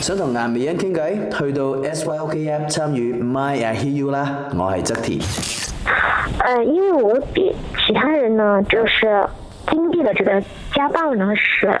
想同顏美欣傾偈，去到 SYOK、OK、App、啊、參與 My I Hear U 啦，我係 Zetty、呃、因為我比其他人呢，就是經歷了這個家暴呢是